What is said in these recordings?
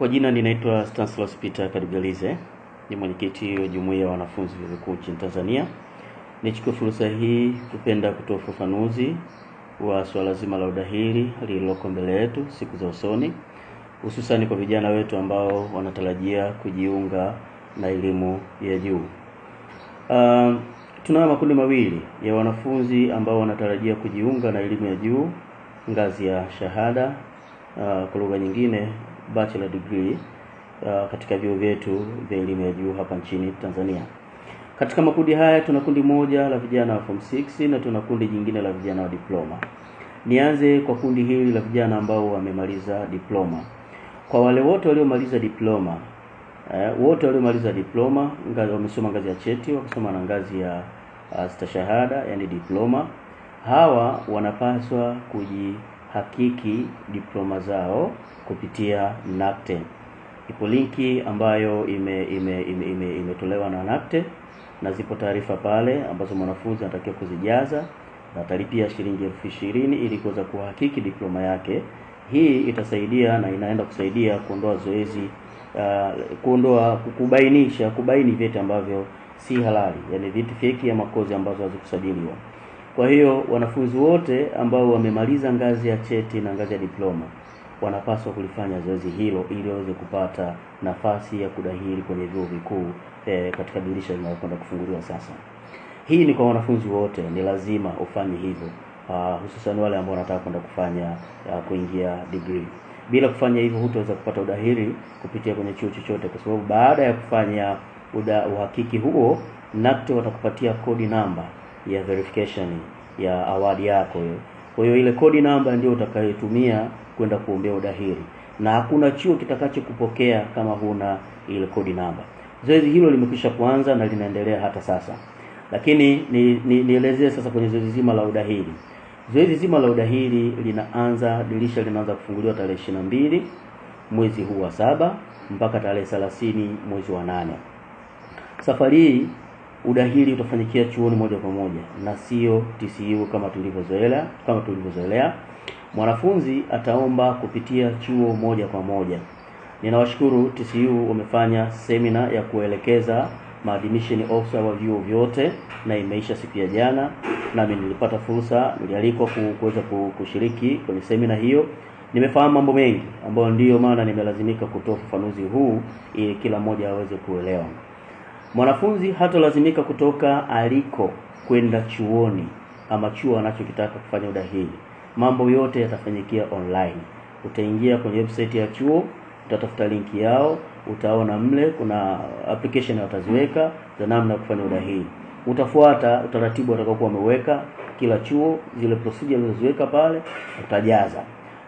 Kwa jina ninaitwa Stanislaus Peter Kadugalize, ni mwenyekiti wa Jumuiya ya Wanafunzi Vyuo Vikuu nchini Tanzania. Nichukue fursa hii kupenda kutoa ufafanuzi wa suala zima la udahili lililoko mbele yetu siku za usoni, hususani kwa vijana wetu ambao wanatarajia kujiunga na elimu ya juu. Um, tunayo makundi mawili ya wanafunzi ambao wanatarajia kujiunga na elimu ya juu ngazi ya shahada, uh, kwa lugha nyingine bachelor degree uh, katika vyuo vyetu vya elimu ya juu hapa nchini Tanzania. Katika makundi haya tuna kundi moja la vijana wa form 6 na tuna kundi jingine la vijana wa diploma. Nianze kwa kundi hili la vijana ambao wamemaliza diploma. Kwa wale wote waliomaliza diploma eh, wote waliomaliza diploma ngazi, wamesoma ngazi ya cheti, wakasoma na ngazi ya uh, stashahada, yani diploma, hawa wanapaswa kuji hakiki diploma zao kupitia NACTE. Ipo linki ambayo imetolewa ime, ime, ime, ime na NACTE na zipo taarifa pale ambazo mwanafunzi anatakiwa kuzijaza na atalipia shilingi elfu ishirini ili kuweza kuhakiki diploma yake. Hii itasaidia na inaenda kusaidia kuondoa zoezi uh, kuondoa kubainisha kubaini vyeti ambavyo si halali, yani vyeti feki ama kozi ambazo hazikusajiliwa. Kwa hiyo wanafunzi wote ambao wamemaliza ngazi ya cheti na ngazi ya diploma wanapaswa kulifanya zoezi hilo ili waweze kupata nafasi ya kudahili kwenye vyuo vikuu e, katika dirisha linalokwenda kufunguliwa sasa. Hii ni kwa wanafunzi wote, ni lazima ufanye hivyo, uh, hususan wale ambao wanataka kwenda kufanya uh, kuingia degree. Bila kufanya hivyo hutaweza kupata udahili kupitia kwenye chuo chochote, kwa sababu baada ya kufanya uda, uhakiki huo NACTE watakupatia kodi namba ya verification ya awali yako hiyo. Kwa hiyo ile kodi namba ndio utakayotumia kwenda kuombea udahiri, na hakuna chuo kitakachokupokea kama huna ile kodi namba. Zoezi hilo limekwisha kuanza na linaendelea hata sasa, lakini nielezee ni, ni sasa kwenye zoezi zima la udahiri. Zoezi zima la udahiri linaanza, dirisha linaanza kufunguliwa tarehe ishirini na mbili mwezi huu wa saba mpaka tarehe 30 mwezi wa nane. Safari hii udahili utafanyikia chuoni moja kwa moja na sio TCU kama tulivyozoelea kama tulivyozoelea. Mwanafunzi ataomba kupitia chuo moja kwa moja. Ninawashukuru TCU wamefanya semina ya kuelekeza maadmission officer wa vyuo vyote na imeisha siku ya jana, nami nilipata fursa, nilialikwa kuweza kushiriki kwenye semina hiyo. Nimefahamu mambo mengi ambayo ndiyo maana nimelazimika kutoa ufafanuzi huu ili kila mmoja aweze kuelewa. Mwanafunzi hatalazimika kutoka aliko kwenda chuoni ama chuo anachokitaka kufanya udahili. Mambo yote yatafanyikia online. Utaingia kwenye website ya chuo, utatafuta linki yao, utaona mle kuna application wataziweka za namna ya kufanya udahili. Utafuata utaratibu watakaokuwa wameweka kila chuo, zile procedure walizoziweka pale utajaza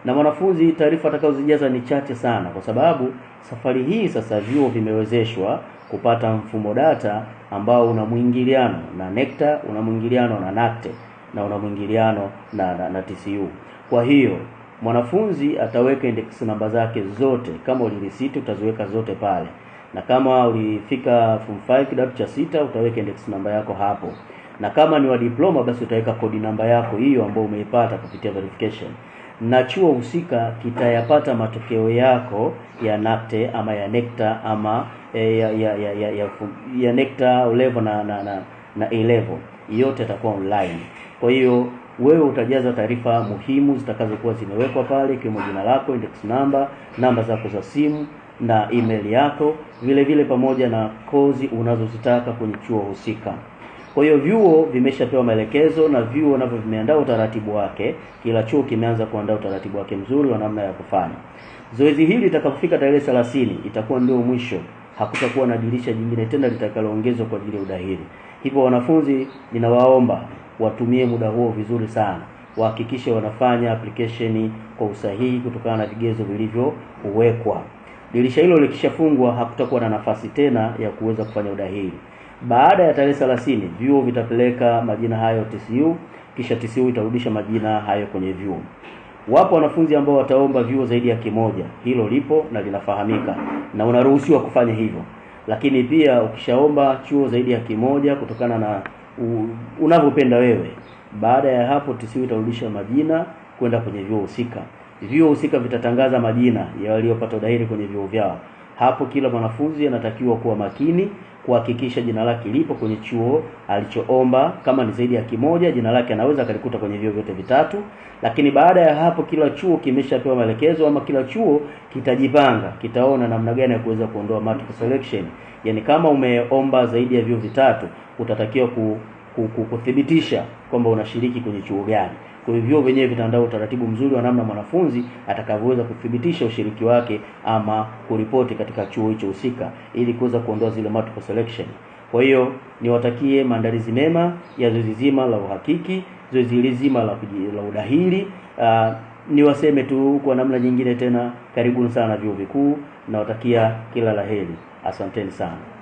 na wanafunzi taarifa atakazozijaza ni chache sana, kwa sababu safari hii sasa vyuo vimewezeshwa kupata mfumo data ambao una mwingiliano na NECTA, una mwingiliano na nate na una mwingiliano na, na, na TCU. Kwa hiyo mwanafunzi ataweka index namba zake zote, kama ulirisiti utaziweka zote pale, na kama ulifika form 5 kidato cha sita utaweka index namba yako hapo, na kama ni wa diploma basi utaweka kodi namba yako hiyo ambayo umeipata kupitia verification na chuo husika kitayapata matokeo yako ya nakte ama ya nekta ama e, ya, ya, ya, ya, ya, ya nekta ulevo na na, na, na A level yote yatakuwa online. Kwa hiyo wewe utajaza taarifa muhimu zitakazokuwa zimewekwa pale, ikiwemo jina lako, index namba, namba zako za simu na email yako, vile vile pamoja na kozi unazozitaka kwenye chuo husika. Kwa hiyo vyuo vimeshapewa maelekezo na vyuo navyo vimeandaa utaratibu wake. Kila chuo kimeanza kuandaa utaratibu wake mzuri wa namna ya kufanya zoezi hili. Litakapofika tarehe 30 itakuwa ndio mwisho, hakutakuwa na dirisha jingine tena litakaloongezwa kwa ajili ya udahili. Hivyo wanafunzi, ninawaomba watumie muda huo vizuri sana, wahakikishe wanafanya application kwa usahihi kutokana na vigezo vilivyowekwa. Dirisha hilo likishafungwa, hakutakuwa na nafasi tena ya kuweza kufanya udahili. Baada ya tarehe 30 vyuo vitapeleka majina hayo TCU, kisha TCU itarudisha majina hayo kwenye vyuo. Wapo wanafunzi ambao wataomba vyuo zaidi ya kimoja, hilo lipo na linafahamika na unaruhusiwa kufanya hivyo, lakini pia ukishaomba chuo zaidi ya kimoja kutokana na unavyopenda wewe, baada ya hapo TCU itarudisha majina kwenda kwenye vyuo husika. Vyuo husika vitatangaza majina ya waliopata udahili kwenye vyuo vyao. Hapo kila mwanafunzi anatakiwa kuwa makini kuhakikisha jina lake lipo kwenye chuo alichoomba. Kama ni zaidi ya kimoja, jina lake anaweza akalikuta kwenye vyuo vyote vitatu. Lakini baada ya hapo, kila chuo kimeshapewa maelekezo, ama kila chuo kitajipanga, kitaona namna gani ya kuweza kuondoa multiple selection. Yani kama umeomba zaidi ya vyuo vitatu, utatakiwa ku, ku, ku, kuthibitisha kwamba unashiriki kwenye chuo gani. Kwa hivyo wenyewe vitaandaa utaratibu mzuri wa namna mwanafunzi atakavyoweza kuthibitisha ushiriki wake ama kuripoti katika chuo hicho husika ili kuweza kuondoa zile multiple selection. Kwa hiyo niwatakie maandalizi mema ya zoezi zima la uhakiki, zoezi zima la, la udahili uh, niwaseme tu kwa namna nyingine tena, karibuni sana vyuo vikuu, nawatakia kila la heri. Asanteni sana.